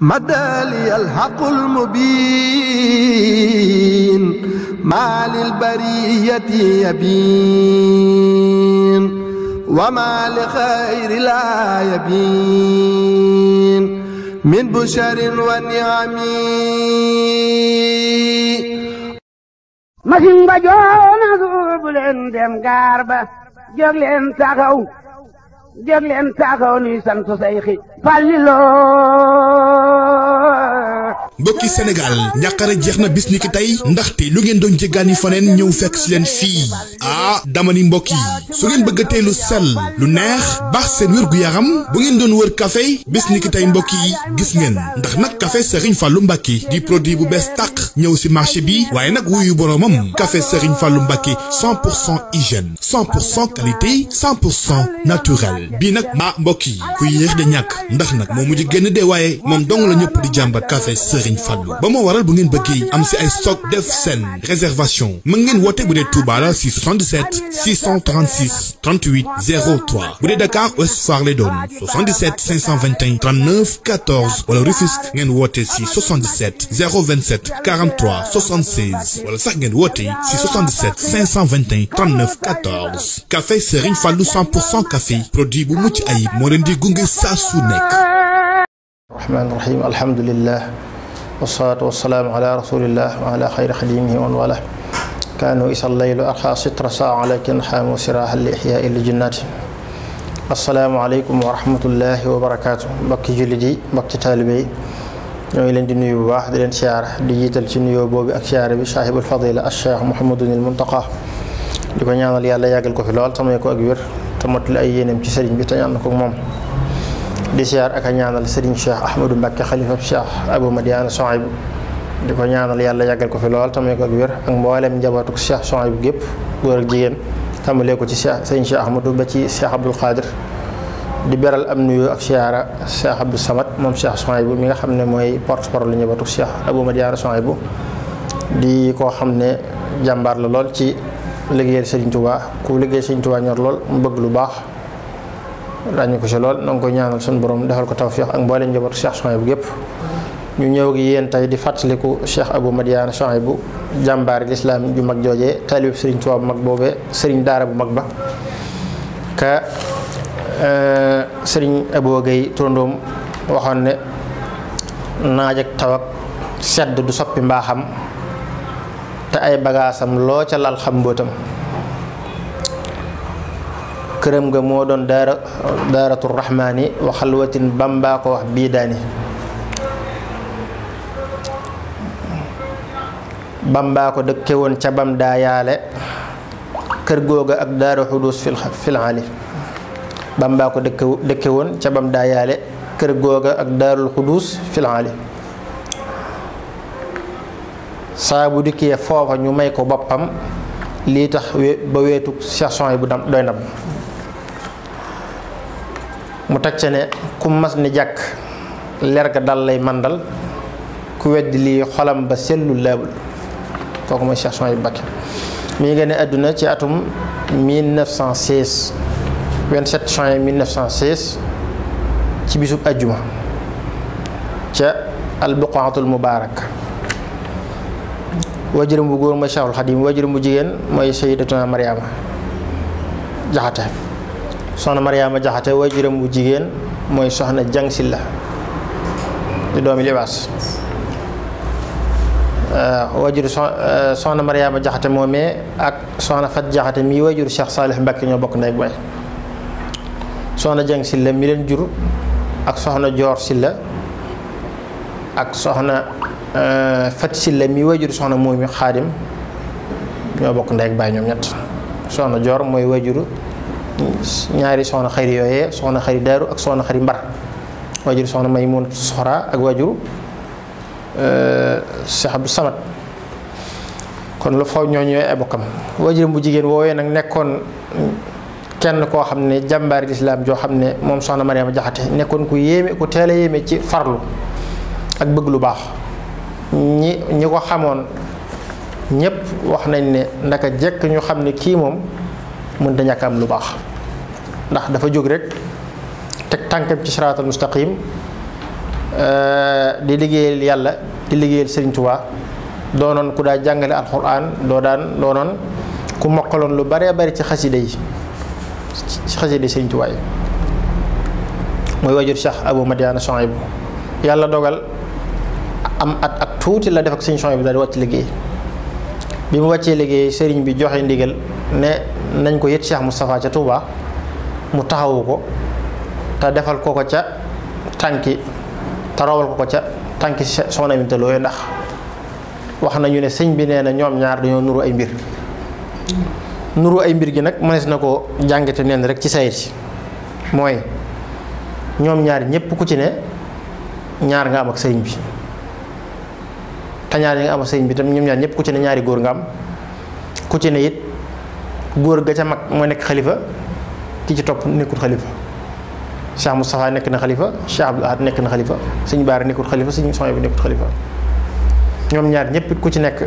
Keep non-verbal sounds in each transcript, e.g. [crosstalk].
مدالي الحق المبين ما للبرية يبين وما لخير لا يبين من بشر ونعم ما سين با جونا سوبلن دم غاربا جوغلن تاخاو jër leen taxaw nuy sant sayxi Fàllilu mbokki Sénégal njàqare jeex na bis ni ki tey ndaxte lu ngeen doon jéggaani faneen ñëw fekk si leen fii ah dama ni mbokk yi su ngeen bëgg a tee lu sell lu neex baax seen wér-gu-yaram bu ngeen doon wër kafe bis ni tey mbokk yi gis ngeen ndax nag kafe café Serigne Fallou Mbacké di produit bu bees tàq ñëw si marché bi waaye nag wuyu boromam café Serigne Fallou Mbacké 100 pour cent hygiène 100 pour cent pour cent naturel bii nag ma ah, mbokk yi ku yéex de ñàkk ndax nag moo mujj génn de waaye moom dong la ñëpp di jàmbat café Serigne Fallou ba moo waral bu ngeen bëggee am si ay stock def seen réservation mën ngeen woote bu dee Touba si bu dee Dakar Ouest Foire lay doon wala Rufisque ngeen woote si wala sax ngeen woote si 77 521 39 14 produit bu mucc ayib moo leen di gunge saa su nekk. rahmaani rahiim alhamdulilah wasalaatu wasalaamu ala rasulillah wa ala xayri xadimihi wa wala kaanu isa laylu arxa sitra saa alakin xaamu siraaha li ixyaa il jinnaati asalaamualeykum wa rahmatullahi wa barakaatu mbokki jullit yi mbokki taalibe yi ñoo ngi leen di nuyu bu baax di leen siyaara di jiital ci nuyoo boobu ak siyaara bi saahibul fadila al cheikh Mouhamadunil Muntaqa di ko ñaanal yàlla yàggal ko fi lool samay ko ak wér te mottali ay yéeneem ci sëriñ bi te ñaan ko moom di siyaar ak a ñaanal sëriñ Cheikh Ahmadou Mbacke xalifa Cheikh Abou Madiana Souhaïbou di ko yàlla yàggal ko fi lool tamay ko ak wér ak mboolem njabootu Cheikh Souhaïbou gépp góor ko ci Cheikh sëriñ Cheikh Ahmadou ba ci Cheikh Abdoul Khadir di beral am nuyu ak siyaara Cheikh Abdou Samad moom Cheikh Souhaïbou mi nga xam ne mooy porte-parole njabootu Cheikh Abou xam ne jàmbaar la lool ci léegi sëriñ Tuubaa ku liggéey sëriñ Tuubaa ñor lool mu bëgg lu baax ràññu ko si lool na nga koy ñaanal suñu borom defal ko tawfiix ak mbooleem njabootu Cheikh Souhaïbou gépp ñu ñëw yéen tey di fàttaliku Cheikh Abou Madiane Souhaïbou jàmbaari lislaam ju mag joojee taalib sëriñ Tuubaa bu mag boobee sëriñ daara bu mag ba ka eh, sëriñ Abou Gueye waxoon ne naaj ak taw ak sedd du soppi mbaaxam te ay bagaasam loo ca lal xam mbóotam këram ga moo doon daara daaratu rahmaani xalwatin bambaa ko wax bii daani dëkke woon ca bam daa kër googa ak daaru xudus fil ali bambaa ko dëkke dëkke woon ca bam daa kër googa ak daarul xudus fil ali saa bu dikkee foofa ñu may ko boppam lii tax ba weetu saison yi bu dam doy na mu teg ca ne ku mas ni jàkk leer ga dal lay màndal ku weddi lii xolam ba sellu laabul kooku mooy Cheikh Souhaïbou Mbacké mi ngi génne àdduna ci atum 1916 27 juin 1916 ci bisub ajjuma ca albuqaatul mubaarak waajuram bu góor mooy Cheikhul Khadim waajuram bu jigéen mooy Sayyidatuna Mariama Jaxate soxna Mariama Jaxate waajuram bu jigéen mooy soxna Jang Silla di doomi Libaas euh, waajur euh, soxna Mariama Jaxate moomee ak soxna Fat Jaxate mii waajur Cheikh Salih Mbacke ñoo bokk ndey baay soxna Jang Silla mi leen jur ak soxna Joor Silla ak soxna Euh, Fat Silla mi wajuru soxna Momy Xaadim ñoo bokk ndey ak baay ñoom ñett soxna Joor mooy wajuru ñaari soxna xari yooyee soxna xari daaru ak soxna xari mbar wajuru soxna may mun soxra ak wajuru euh, Cheikh Abdou kon lu faw ñoo ñooy ay bokkam wajur bu jigéen woowee nag nekkoon kenn koo xam ne jàmbaari lislaam joo xam ne moom soxna Mariama Jaxate nekkoon ku yéeme ku teel a yéeme ci farlu ak bëgg lu baax ñi ñi ko xamoon ñépp wax nañ ne ndaka jekk ñu xam ne kii moom mënta ñàkk am lu baax ndax dafa jóg rek teg tànkam ci siraatal mustaqim eh, di liggéeyal yàlla di liggéeyal Sëriñ Tuubaa doonoon ku daa jàngale alxuraan doo daan doonoon ku mokkaloon lu baree bari ci xasida yi ci xasida Sëriñ Tuubaa yi mooy wajur Cheikh Abou Madiana Souhaïbou yàlla dogal am at ak tuuti la def ak sëñ son bi daal di wàcc liggéey bi mu wàccee liggéey sëriñ bi joxe ndigal ne nañ ko yët Cheikh Moustapha ca Touba mu taxawu ko te defal ko ko ca tànki te ko ko ca tànki soxna mi te ndax wax nañu ne sëñ bi nee na ñoom ñaar dañoo nuru ay mbir nuru ay mbir gi nag mënees na ko jàngate neen rek ci sayit si mooy ñoom ñaar ñépp ku ci ne ñaar nga am ak sëriñ bi te ñaar yi nga am sëriñ bi tam ñoom ñaar ñëpp ku ci ne ñaari góor nga am ku ci ne it góor ga ca mag mooy nekk xalifa ki ci topp nekkul xalifa Cheikh Moustapha nekk na xalifa Cheikh Abdou Ahad nekk na xalifa sëñ Baara nekkul xalifa sëñ Soxna bi nekkul xalifa ñoom ñaar ñëpp ku ci nekk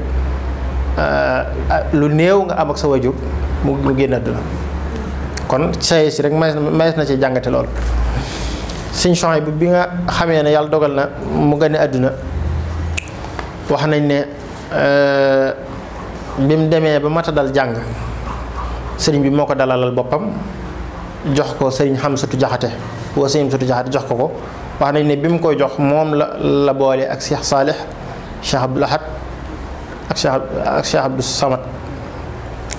euh, ah, lu néew nga am ak sa wajur mu mu génn àdduna kon say si rek mayees na ci jàngate lool sëñ Soxna bi bi nga xamee ne yàlla dogal na mu gane àdduna wax nañ ne euh, bi mu demee ba mat dal jàng sëriñ bi moo ko dalalal boppam jox ko sëriñ Xamsatu Jaxate woo sëriñ Xamsatu Jaxate jox ko ko wax nañ ne bi mu koy jox moom la la boole ak Cheikh Saalix Cheikh Abdoul Ahad ak Cheikh ak Samad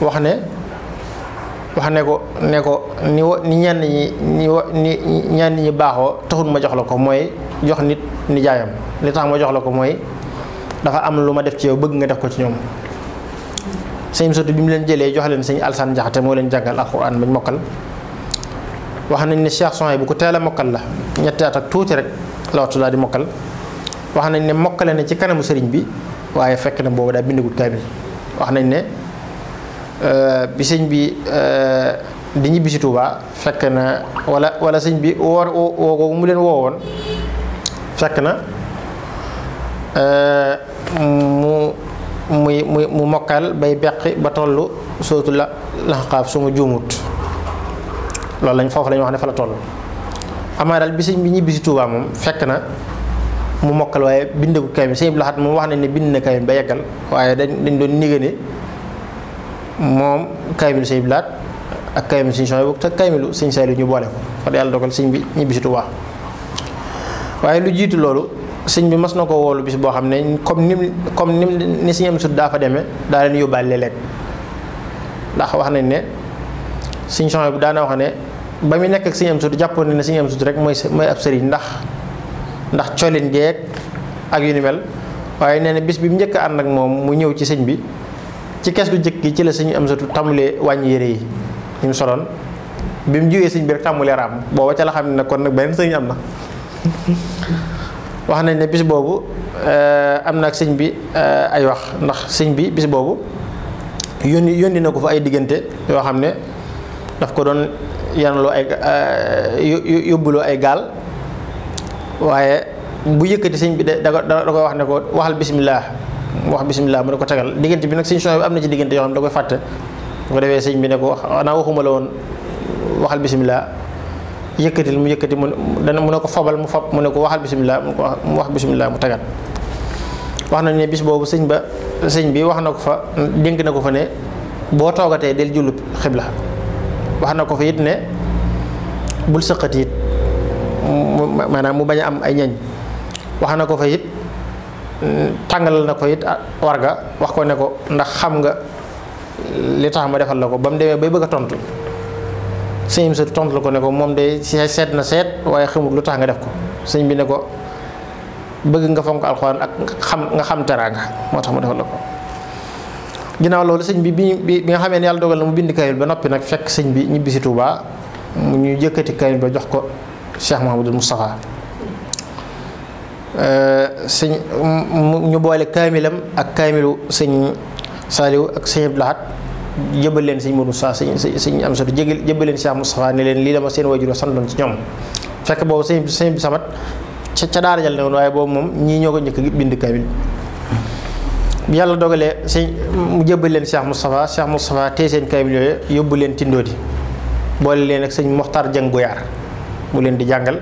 wax ne wax ne ko ne ko ni wa ni ñenn ñi ni ñenn ñi baaxoo taxul ma jox la ko mooy jox nit nijaayam li tax ma jox la ko mooy dafa am lu ma def ci yow bëgg nga def ko ci ñoom sëñ bi bi mu leen jëlee jox leen sëñ Alsaan Jaxate moo leen jàngal alxuraan bañ mokkal wax nañ ne Cheikh Souhaïbou bu ko teel a mokkal la ñetti at ak tuuti rek la waxtu laa di mokkal wax nañ ne mokkale na ci kanamu sëriñ bi waaye fekk na boobu daa bindagul kaamil wax nañ ne euh, bi sëñ bi euh, di ñibbi si Tuuba fekk na walla wala sëñ bi woor woo mu leen woowoon fekk na euh, mu muy muy mu mokkal bay beq ba toll sootu la laxqaaf su ma juumut loolu lañ foofu la ñu wax ne fa la toll amaa daal bisiñ bi ñuy bisi Tuubaa moom fekk na mu mokkal waaye bindagu kaamil moom wax nañ ne bind na kaamil ba yeggal waaye dañ dañ doon nigga ne bi laat ak kaamil sëñ Suhaybu te kaamilu sëñ ñu boole ko fa yàlla dogal sëñ bi ñibbi si Tuubaa waaye lu jiitu loolu sëñ bi mas na ko woolu bis boo xam ne comme nim comme nim ni sëñ sut daa fa demee daa leen yóbbaale léeg ndax wax nañ ne sëñ Chouaib bu daana wax ne ba mu nekk ak sëñ sut jàppoon ne sëñ sut rek mooy mooy ab sëriñ ndax ndax colin geeg ak yu ni mel waaye nee na bis bi mu njëkk ànd ak moom mu ñëw ci sëñ bi ci kes gu njëkk gi ci la sëñ am sut tàmbalee wàññi yére yi ñu mu soloon bi mu jiwee sëñ bi rek tàmbalee raam booba ca la xam ne nag kon nag benn sëñ am na [laughs] wax nañ ne bis boobu euh, am na ak sëñ bi euh, ay wax ndax sëñ bi bis boobu yónni yónni na ko fa ay diggante yoo xam ne daf ko doon yanaloo ay euh, yóbbuloo ay gaal waaye bu yëkkati sëñ bi da da da koy wax ne ko waxal bisimilah wax bisimilah mu ne ko tegal diggante bi nag sëñ son bi am na ci diggante yoo xam ne da koy fàtte bu ko defee sëñ bi ne ko wax naa waxuma la woon waxal bisimilah. yëkkatil mu yëkkati mu dana mu ne ko fobal mu fob mu ne ko waxal bisimilah mu wax bisimilah mu tagat wax nañu ne bis boobu sëñ ba sëñ bi wax na ko fa dénk na ko fa ne boo toogatee del jullu xibla wax na ko fa it ne bul sëqat it maanaam mu bañ a am ay ñañ wax na ko fa it tàngalal na ko it ah, warga wax ko ne ko ndax xam nga li tax ma defal la ko ba mu demee bay bëgg tontu. sëñ bi sa tontu la ko ne ko moom de seet na seet waaye xamul lu tax nga def ko sëñ bi ne ko bëgg nga fonk alxuraan ak xam nga xam teraanga moo tax mu defal la ko. ginnaaw loolu sëñ bi bi nga xamee ne yàlla dogal na mu bind kayil ba noppi nag fekk sëñ bi ñibbi si Touba mu ñu yëkkati kayil ba jox ko Cheikh Mouhamadul Moustapha. Euh, sëñ ñu boole kaamilam ak kaamilu sëñ Saliou ak sëñ Abdou jëbal leen sëñ Modou Sa sëñ sëñ am satu jég jëbal leen Cheikh Moustapha ne leen lii dama seen wajur santoon ci ñoom fekk boobu sëñ sëñ bi samat ca ca daara jal ne woon waaye boobu moom ñii ñoo ko njëkk bind kaamil bi yàlla dogalee sëñ mu jëbal leen Cheikh Moustapha Cheikh Moustapha tey seen kaamil yooyu yóbbu leen tindoodi boole leen ak sëñ Moxtar Jëng Goyaar mu leen di jàngal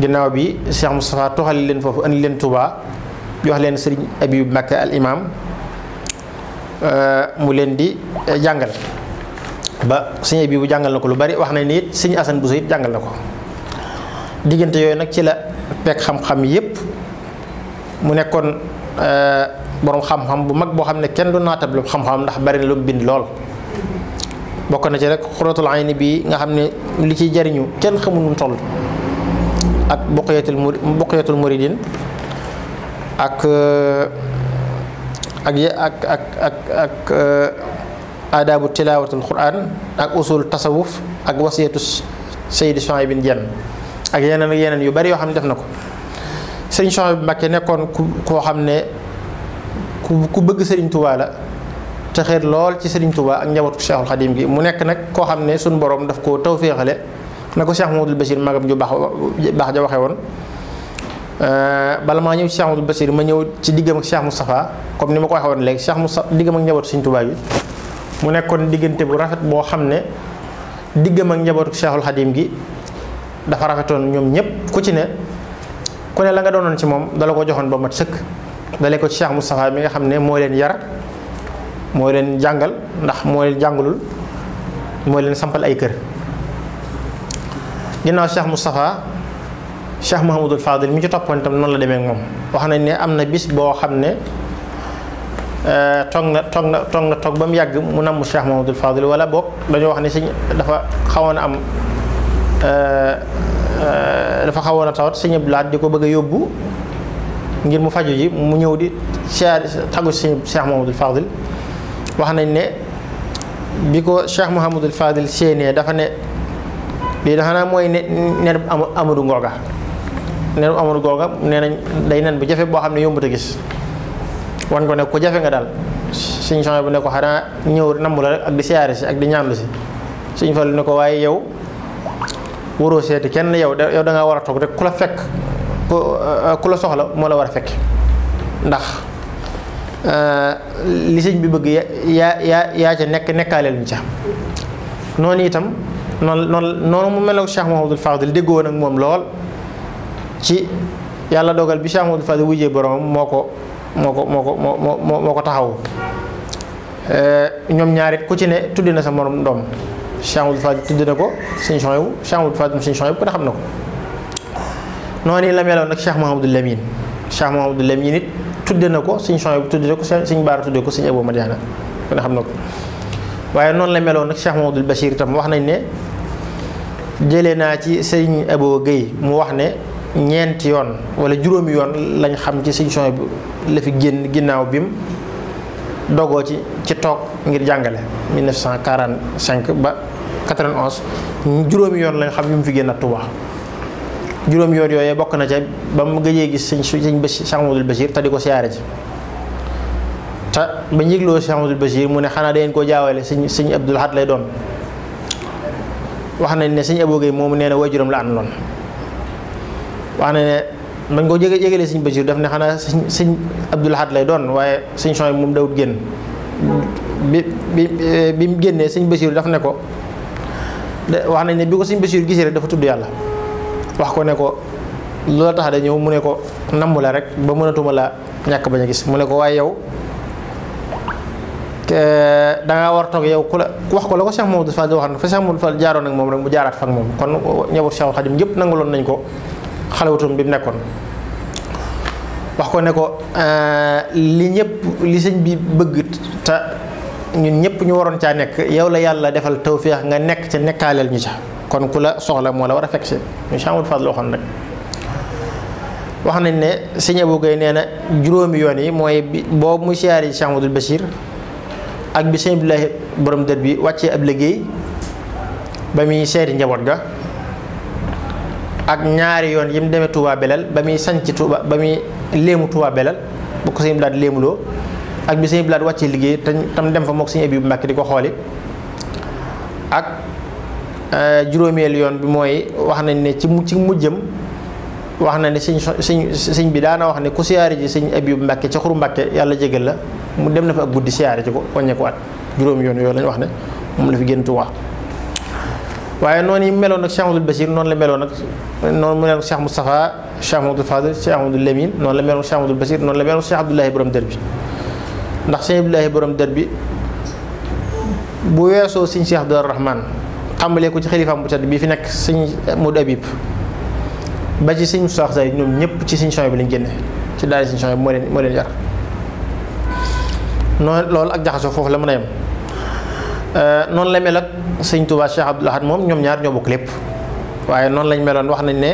ginnaaw bi Cheikh Moustapha toxali leen foofu indi leen Touba jox leen sëriñ Abibu Mbàkke al imam Euh, mu leen di euh, jàngal ba sëñ bii bu jàngal na ko lu bari wax na ni it sëñ Assane Bousso it jàngal na ko diggante yooyu nag ci la pekk xam-xam yépp mu nekkoon euh, borom xam-xam bu mag boo xam ne kenn du naatable xam-xam ndax bari na lu bind lool. bokk na ci rek xuratul ayni bi nga xam ne li ciy jariñu kenn xamul nu toll ak buqyatul mur buqyatul muridin ak. ak ak ak ak ak euh, aadaabu tilaawatul quraan ak usul tasawuf ak waseetu Seydi Souhaïb bin Diène ak yeneen yeneen yu bari yoo xam ne def na ko sëriñ Souhaïb bu Mbacké nekkoon ku koo xam ne ku ku bëgg sëriñ Touba la te xeet lool ci sëriñ Touba ak njabootu Cheikhul Xadim gi mu nekk nag koo xam ne suñu borom daf koo tawféexale na ko seex Cheikh Mouhamadoul Bachir magam ju baax baax ja waxe woon Euh, bala maa ñëw ci Cheikh ma ñëw ci diggam ak Cheikh Moustapha comme ni ma ko waxee woon léegi Cheikh Moustapha diggam ak njabootu Sëriñ Tuubaa bi mu nekkoon diggante bu rafet boo xam ne diggam ak njabootu Cheikhul Xadim gi dafa rafetoon ñoom ñëpp ku ci ne ku ne la nga doonoon ci moom dala ko joxoon ba mat sëkk dalee ko ci Cheikh Moustapha mi nga xam ne moo leen yar moo leen jàngal ndax moo jàngalul mooy leen sampal ay kër ginnaaw Cheikh Moustapha Cheikh Mahamadul Fadil mi ci toppoon itam noonu la demee moom wax nañ ne am na bis boo xam ne euh, toog na toog na toog ba mu yàgg mu namm Cheikh Mahamadul Fadil wala boog dañoo wax ne sëñ dafa xawoon a am euh, euh, dafa xawoon a tawat sëñ Abdul Ahad di ko bëgg a yóbbu ngir mu faju ji mu ñëw di siyaar tagu si Cheikh Mahamadul Fadil wax nañ ne bi ko Cheikh Mahamadul Fadil séenee dafa ne bii dafa naa mooy ne ne Amadou Ngoga nenu amul googa nee nañ day nen bu jafe boo xam ne yombut a gis wan ko ne ko jafe nga daal suñ songe bu ne ko xanaa ñëw namm la ak di ak di ñaanlu si suñ falu ne ko waaye yow waroo seeti kenn yow yow da ngaa war a toog rek ku la fekk ku eh, la soxla moo la war a fekk ndax eh, li sëñ bi bëgg yaa yaa yaa ca nekk nekkaaleel ñu ca noonu itam noonu noonu noonu mu mel ne Cheikh Mouhamadoul Fadil moom lool ci yàlla dogal bi Cheikh Amadou Fadil wujjee boromam moo ko moo ko moo ko moo moo ko taxawu eh, ñoom ñaarit ku ci ne tuddi na sa morom doom Cheikh Amadou Fadil tuddi na ko sëñ Chouaïbou Cheikh Amadou Fadil sëñ Chouaïbou ku ne xam na ko noonu la meloon nag Cheikh Mouhamadou Lamine Cheikh Mouhamadou Lamine it tudde na ko sëñ Chouaïbou tudde na ko sëñ Baara tudde ko sëñ Abou Madiana ku ne xam na ko waaye noonu la meloon nag Cheikh Mouhamadou Bachir tam wax nañ ne jëlee naa ci sëñ Abou Guèye mu wax ne ñeenti yoon wala juróomi yoon lañ xam ci sëñ bi la fi génn ginnaaw bim dogoo ci ci toog ngir jàngale 1945 ba 91 juróomi yoon lañ xam yu mu fi génn Tuuba juróomi yoon yooyee bokk na ca ba mu gëjee gis sëñ su sëñ Bachir Cheikh Amadou Bachir te di ko siyaare ci te ba ñu yëgloo mu ne xanaa dangeen koo jaawale sëñ sëñ Abdul Ahad lay doon wax nañ ne sëñ Abou Gueye moomu nee na waajuram la àndoon wax na ne bañ ko jege jegelee sëñ Bachir daf ne xanaa sëñ sëñ Abdul lay doon waaye sëñ Chouaib moom dawut génn bi bi eh, bi mu génnee sëñ Bachir daf ne ko wax nañ ne bi ko gisee rek dafa tudd yàlla wax ko ne ko loola tax da ñëw mu ne ko namm la rek ba mënatuma laa ñàkk bañ a gis mu ne ko waaye yow da ngaa war toog yow ku la wax ko la ko Cheikh Mamadou Fall wax na fa Cheikh Mamadou Fall jaaroon ak moom rek mu jaaraat fa ak moom kon ñëwul Cheikh Khadim yëpp nanguloon nañ ko xalawutum bi mu nekkoon wax ko ne ko euh, li ñëpp li sëñ bi bëgg te ñun ñëpp ñu waroon caa nekk yow la yàlla defal tawféex nga nekk ca nekkaaleel ñu ca kon ku la soxla moo la war a fekk si ñu Amadou Fadl waxoon rek. wax nañ ne sëñ Abou Gueye na juróomi yoon yi mooy bi boobu muy siyaar yi Cheikh ak bi sëñ Abdoulaye borom dër bi wàccee ab liggéey ba muy seeti njaboot ga ak ñaari yoon yi mu demee Touba ba muy sanc Touba ba muy léemu Touba Belal bu ko sëñ Blaat léemuloo ak bi sëñ Blaat wàccee liggéey te tam dem fa mook sëñ Abibu Mbàkke di ko xooli ak euh, juróomeel yoon bi mooy wax nañ ne ci mu ci mujjëm wax na ne sëñ sëñ sëñ bi daana wax ne ku siyaare ji sëñ Abibu Mbàkke ca xuru Mbàkke yàlla jégal la mu dem na ak guddi ko wàññeeku juróom yoon yooyu lañ wax ne moom la fi génn Touba waaye noonu yi meloon ak Cheikh Amadou Bachir noonu la meloon ak noonu mu meloon Cheikh Moustapha Cheikh Amadou Fadil Cheikh Amadou Lamine noonu la meloon Cheikh Amadou Bachir noonu la meloon Cheikh Abdoulahi borom ndax Cheikh Abdoulahi borom dër bi weesoo sëñ Cheikh Abdoul Rahman xamalee ko ci xalifaam bu fi nekk sëñ Modou Habib ba ci sëñ Moussa Xasaay ñëpp ci sëñ bi lañ génne ci daal sëñ Chouaib bi moo leen yar noonu loolu ak jaxasoo foofu la mën a yam Euh, noonu la mel ak sëñ Touba Cheikh Abdoul moom ñoom ñaar ñoo bokk lépp waaye noonu lañ meloon wax nañ ne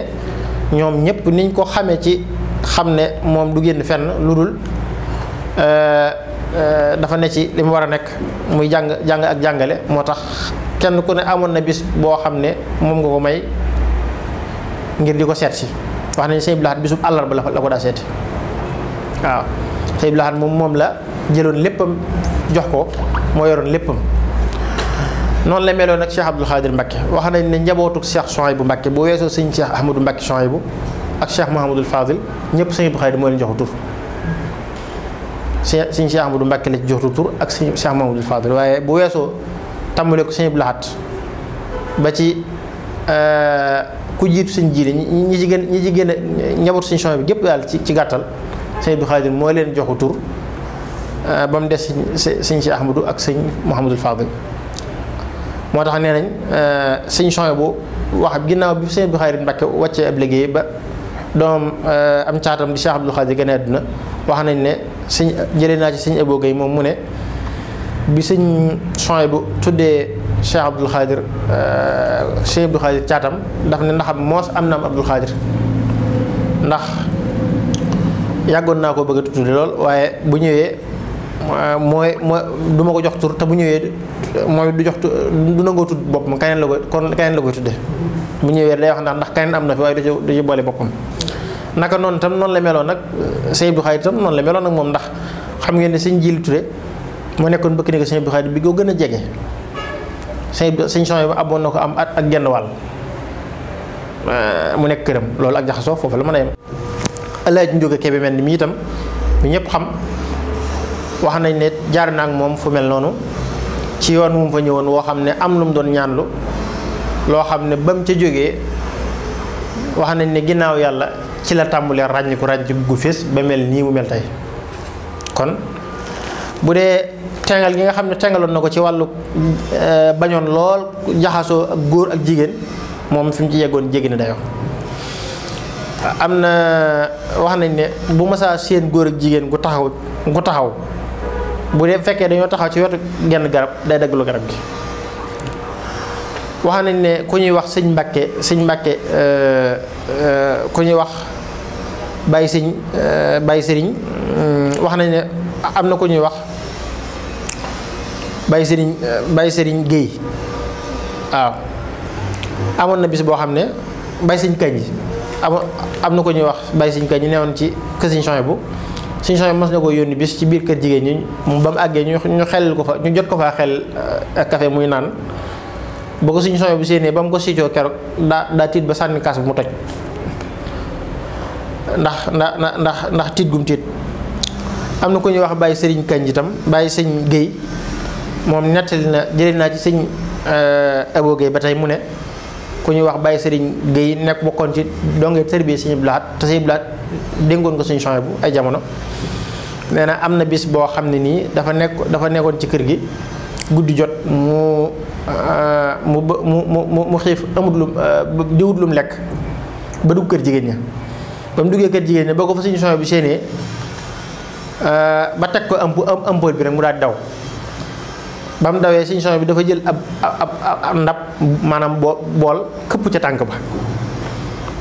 ñoom ñëpp niñ ko xamee ci xam ne moom du génn fenn lu dul euh, euh, dafa ne ci li mu war a nekk muy jàng jàng ak jàngale moo tax kenn ku ne amoon na bis boo xam ne moom nga ko may ngir di ko seet si wax nañ sëñ Abdoul Ahad bisub àllarba la ko daa seeti waaw sëñ Abdoul moom moom la jëloon léppam jox ko moo yoroon léppam noonu la meloon nag Cheikh Abdoul Khadir Mbacke wax nañ ne njabootu Cheikh Souhaïbou Mbacke bu weesoo sëñ Cheikh Ahmadou ak Cheikh Mouhamadul ñëpp sëñ Abdoul Khadir moo leen jox tur. sëñ sëñ Cheikh ak sëñ Cheikh Mouhamadul waaye bu weesoo tàmbale ko sëñ Abdoul Ahad ba ci euh, ku jiitu sëñ jiile ñi ci ñi ci gën a njabootu sëñ Souhaïbou gépp ci ci gàttal sëñ Abdoul leen joxu tur euh, ba mu des sëñ sëñ Cheikh Ahmadou ak sëñ Mouhamadul Fadil moo tax nee nañ euh, sëñ Soxna bu wax ginnaaw bi sëñ Abdou Khadre Mbacké wàccee ab liggéey ba doom euh, am caatam di Cheikh Abdou Khadre gane àdduna wax nañ ne sëñ jëlee naa ci sëñ Abo Gueye moom mu ne bi sëñ Soxna bu tuddee Cheikh Abdou Khadre sëñ euh, Abdou caatam daf ne ndax am moos am na am Abdou Khadre ndax yàggoon naa ko bëgg a lool waaye bu ñëwee. Euh, mooy mooy du ma ko jox tur te bu ñëwee mooy du jox du nangoo tudd boppam keneen la ko kon keneen la ko tudde mu ñëwee day wax ndax ndax keneen am na fi waaye du ci du ci boole boppam naka noonu tam noonu la meloo nag sëñ Abdou Khadre tam noonu la meloon nag moom ndax xam ngeen ne sëñ Jiil Ture moo nekkoon bëkk néegu sëñ bu Khadre bi ko gën a jege sëñ sëñ Souhaïbou amoon na ko am at ak genn wàll euh, mu nekk këram loolu ak jaxasoo foofu la mën a yem. El Hadj Ndiouga mel ni ñëpp xam. wax nañ ne jaar na moom fu mel noonu ci yoon wu mu fa ñëwoon woo xam ne am lu doon ñaanlu loo xam ne ba mu ca jógee wax nañ ne ginnaaw yàlla ci la tàmbulee ràññiku ràññiku gu fees ba mel nii mu mel tey kon bu dee tengal gi nga xam ne tengaloon na ko ci wàllu euh, bañoon lool jaxasoo ak góor ak jigéen moom fi mu ci yeggoon jéggi na dayo am na wax nañ ne bu masaa seen góor ak jigéen gu taxaw gu taxaw bu dee fekkee dañoo taxaw ci wetu genn garab day daggalu garab gi wax nañ ne ku ñuy wax sëñ Mbàkke sëñ Mbàkke ku ñuy wax bàyyi sëñ bàyyi sëriñ wax nañ ne am na ku ñuy wax bàyyi sëriñ euh, bàyyi sëriñ Géey waaw amoon na bis boo xam ne bàyyi sëñ kañ yi am am na ko ñuy wax bàyyi sëñ kañ yi newoon ci kër sëñ bu suñu sax mas na ko yónni bis ci biir kër jigéen ñi ba mu àggee ñu xel ko fa ñu jot ko faa xel eh, ak café muy naan boo ko suñu soxla bu séenee ba mu ko siicoo keroog daa daa tiit ba sànni kaas bu mu toj ndax ndax ndax ndax tiit gum tiit am na ku ñuy wax bàyyi sëriñ Kanji tam bàyyi sëñ Guèye moom nettali na jëlee naa ci sëñ eh, Abo Guèye ba tey mu ne ku ñuy wax bàyyi sëriñ Guèye nekk bokkoon ci dongee tërbiye sëñ Blaat te sëñ Blaat déngoon ko suñu changement bu ay jamono nee na am na bis boo xam ne nii dafa nekk dafa nekkoon ci kër gi guddi jot mu euh, mu mu mu mu xiif amut lu euh, diwut lum lekk ba dugg kër jigéen ña ba mu duggee kër jigéen ña boo ko fa suñu changement bu séenee euh, ba teg ko am am ampoule bi rek mu daal daw ba mu dawee suñu changement bi dafa jël ab ab ab ndab maanaam boo bool këpp ca tànk ba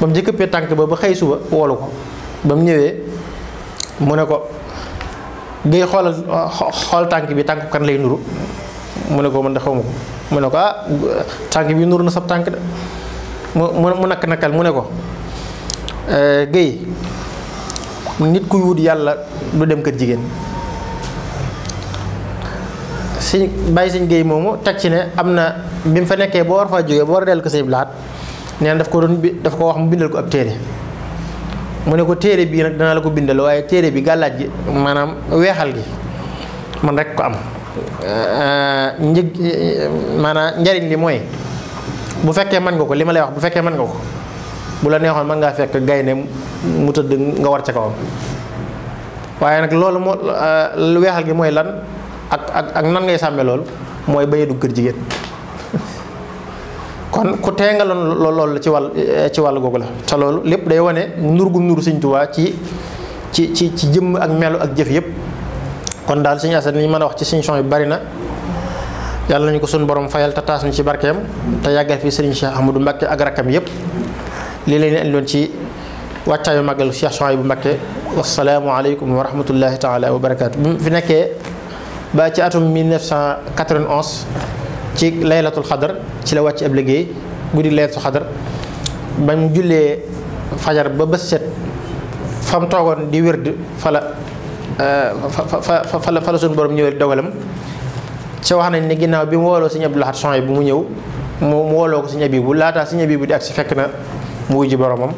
ba mu ci tànk ba ba xëy suba woolu ko ba mu ñëwee mu ne ko ngay xoolal xool tànk bi tànk kan lay nuru mu ne ko mën de xaw ma ko mu ne ko ah tànk bi nuru na sab tànk de mu mu nakk nakkal mu ne ko eh, géy nit kuy wut yàlla du dem kër jigéen si bàyyi sëñ géey moomu teg ci ne am na bi mu fa nekkee boo war faa jógee boo war a dellu ko sëñ blaat nee na daf ko doon daf ko wax mu bindal ko ab téere mu ne ko téere bii nag danaa la ko bindal waaye téere bi gàllaaj gi maanaam weexal gi man rek ko am njëg maanaam njariñ li mooy bu fekkee man nga ko li ma lay wax bu fekkee man nga ko bu la neexoon man ngaa fekk gaynde mu tëdd nga war ca kawam waaye nag loolu moo weexal gi mooy lan ak ak ak nan ngay sàmme loolu mooy baye du kër jigéen kon ku teengaloon loolu la ci wàll eh, ci wàll googu la te loolu lépp day wane nur gu nuru Sëñ Tuubaa ci ci ci ci jëmm ak melu ak jëf yëpp kon daal Sëñ Asan niñ mën a wax ci Sëñ Son yu bari na yàlla nañu ko suñu borom fayal te taas ci barkeem te yàggal fi Sëriñ Cheikh du Mbacké ak rakkam yëpp lii la ñu ci wàccaayu màggal Cheikh Son bu Mbacké wasalaamu aleykum wa rahmatullahi taala wa barakaatu bi fi nekkee ba ci atum 1991 ci laylatul xadar ci la wàcc ab liggéey guddi laylatul xadar ba mu jullee fajar ba bës set fa mu toogoon di wérd fa la euh, fa fa fa la suñu borom ñëwee dogalam ci wax nañ ni ginnaaw bi mu wooloo sëñ Abdul Ahad Sohaybu bu mu ñëw mu ko sëñ Abibu laataa sëñ Abibu di agsi fekk na mu wujji boromam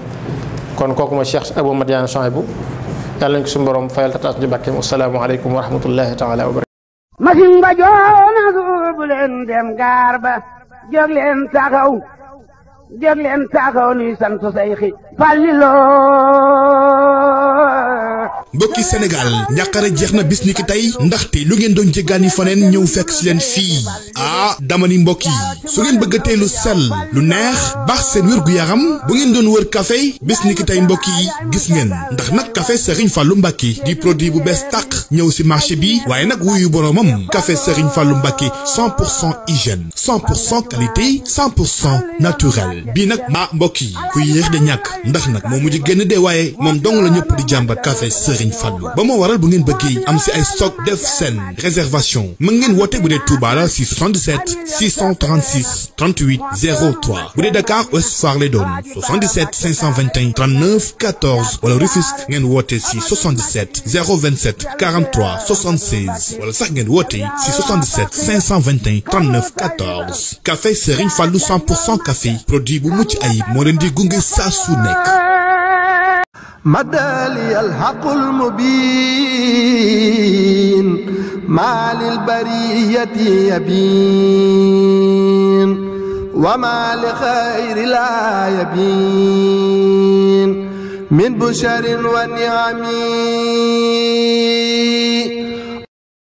kon kooku mooy Cheikh Abou Madiane Sohaybu yàlla nañ ko suñu borom fayal tataas ñu bàkkeem assalaamu aleykum wa rahmatullahi taala wa masin ba joona suur bu dem gaar ba leen taxaw jóg leen taxaw nuy sant Seyxi Falilu mbokki Sénégal njàqare jeex na bis ni ki tey ndaxte lu ngeen doon jéggaani faneen ñëw fekk si leen fii ah dama ni mbokk yi su ngeen bëgg a tee lu sell lu neex baax seen wér gu yaram bu ngeen doon wër kafe bis ni tey mbokk yi gis ngeen ndax nag café Serigne Fallou Mbacké di produit bu bees tàq ñëw si marché bi waaye nag wuyu boroomam café kafe Fallou Mbacké 100 pour cent hygiène 100 pour cent qualité 100 pour cent naturel bii nag maa ah, mbokk yi kuy yéex de ñàkk ndax nag moo mujj génn de waaye moom dong la ñëpp di jàmbat café Serigne Fallou ba moo waral bu ngeen bëggee am si ay stock def seen réservation mën ngeen woote bu dee Touba si 77 636 38 03 bu dee Dakar Ouest Foire lay doon 77 521 39 14 wala Rufisque ngeen woote si 77 027 43 76 wala sax ngeen woote si 77 521 39 14 café Serigne Fallou 100 pour cent café produit bu mucc ayib moo leen di gunge saa su مدالي الحق المبين ما للبرية يبين وما لخير لا يبين من بشر ونعم